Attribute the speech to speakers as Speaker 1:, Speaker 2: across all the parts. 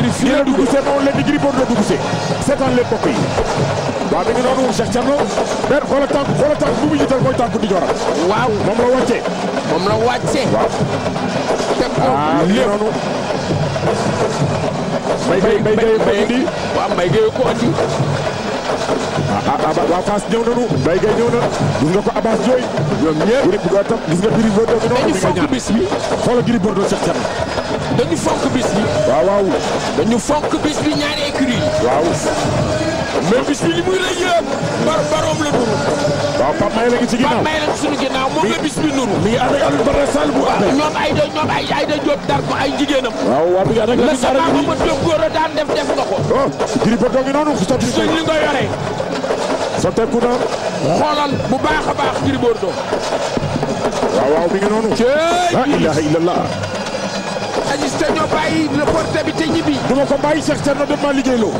Speaker 1: Gris fii la dugg see noonu leen di Gris Bordeaux dugg see seetaan leen mbokk yi waaw mi ngi noonu Cheikh Thierno benn xoolal tànk xoolal tànk bu mu mooy tànk di joram waaw moom la wàccee moom la wàccee waaw teg ko ah, Ah, ah, ah, waa Fass ñëw nañu Mbaye Gueye ñëw na gis nga ko Abass Dioye ñoom ñëpp Gris Bordeaux tam gis nga Gris bi noonu dañu fonk bis bi xoolal Gris waaw waaw dañu fonk bis bi ñaari écurie waaw mais bis bi li muy rëy yëpp bar baroom la nuru waaw Pape Maye la ngi ci ginnaaw Pape Maye bis bi nuru mi ngi ànd ak Aliou Bara Sall bu ànd ñoom ay da ñoom ay da Diop dar ko ay jigéenam waaw waaw mi ngi ànd ak la sama ma Diop góor a daan def def nga ko oh, Gris Bordeaux ngi noonu suñ li nga yore sotteeku na xoolal bu baax a baax Gris Bordeaux waaw waaw mi ngi noonu la ilaha illallah Aziz te ñoo bàyyi reporté bi te ñibbi du ma ko bàyyi Cheikh Thierno def maa liggéeyloo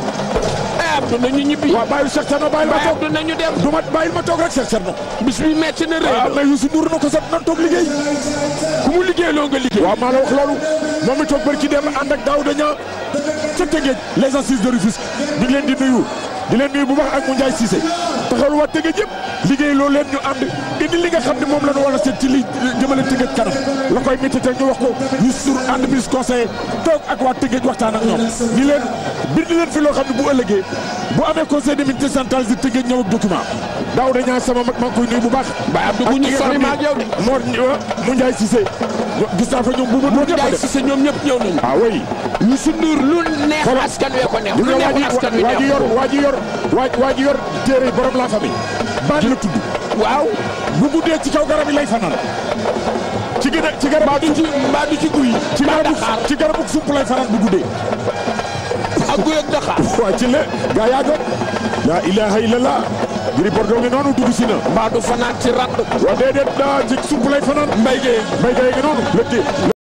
Speaker 1: abdu nañu ñibbi waaw bàyyil Cheikh Thierno bàyyil ma toog nañu dem du ma bàyyil ma toog rek Cheikh Thierno bis bi metti na rëy mais Youssou Ndour na ko sax na toog liggéey ku mu liggéeyloo nga liggéey waaw maa la wax loolu moom mi toog bër ci dem ànd ak Daouda Niang ca Tëngéej les assises de Rufisque ñu ngi leen di nuyu di leen nuyu bu baax ak mu Ndiaye Cissé taxawal waa Tëngéej yëpp liggéey loolu leen ñu ànd indi li nga xam ne moom la ñu war a seet ci li jëmale Tëngéej kanam la koy métti te ñu wax ko ñu sur ànd bis conseiller toog ak waa Tëngéej waxtaan ak ñoom ñi leen bind fi loo xam ne bu ëllëgee bu amee conseil des ministres centralisé Tëngéej ñëw ak document daaw dañaa sama mag maa koy nuyu bu baax baay Abdou bu ñu sori ma ak mu Njaay Cissé gis naa fa ñoom bu mu Njaay Cissé ñoom ñëpp ñëw nañu ah ñu sunduur la famille. la tudd. waaw. bu guddee ci kaw garab yi lay fanaan. ci gën a ci garab mbaa du ci mbaa du ci guy. ci garabu ci garabu supp lay fanaan bu guddee. a guy ak daxaar. waaw ci la gaa yaa gën. laa ilaaha illallah. Gris Bordeaux ngi noonu dugg si na. mbaa du fanaan ci radd. waaw déedéet ci supp lay fanaan. mbay gee mbay gee ngi noonu.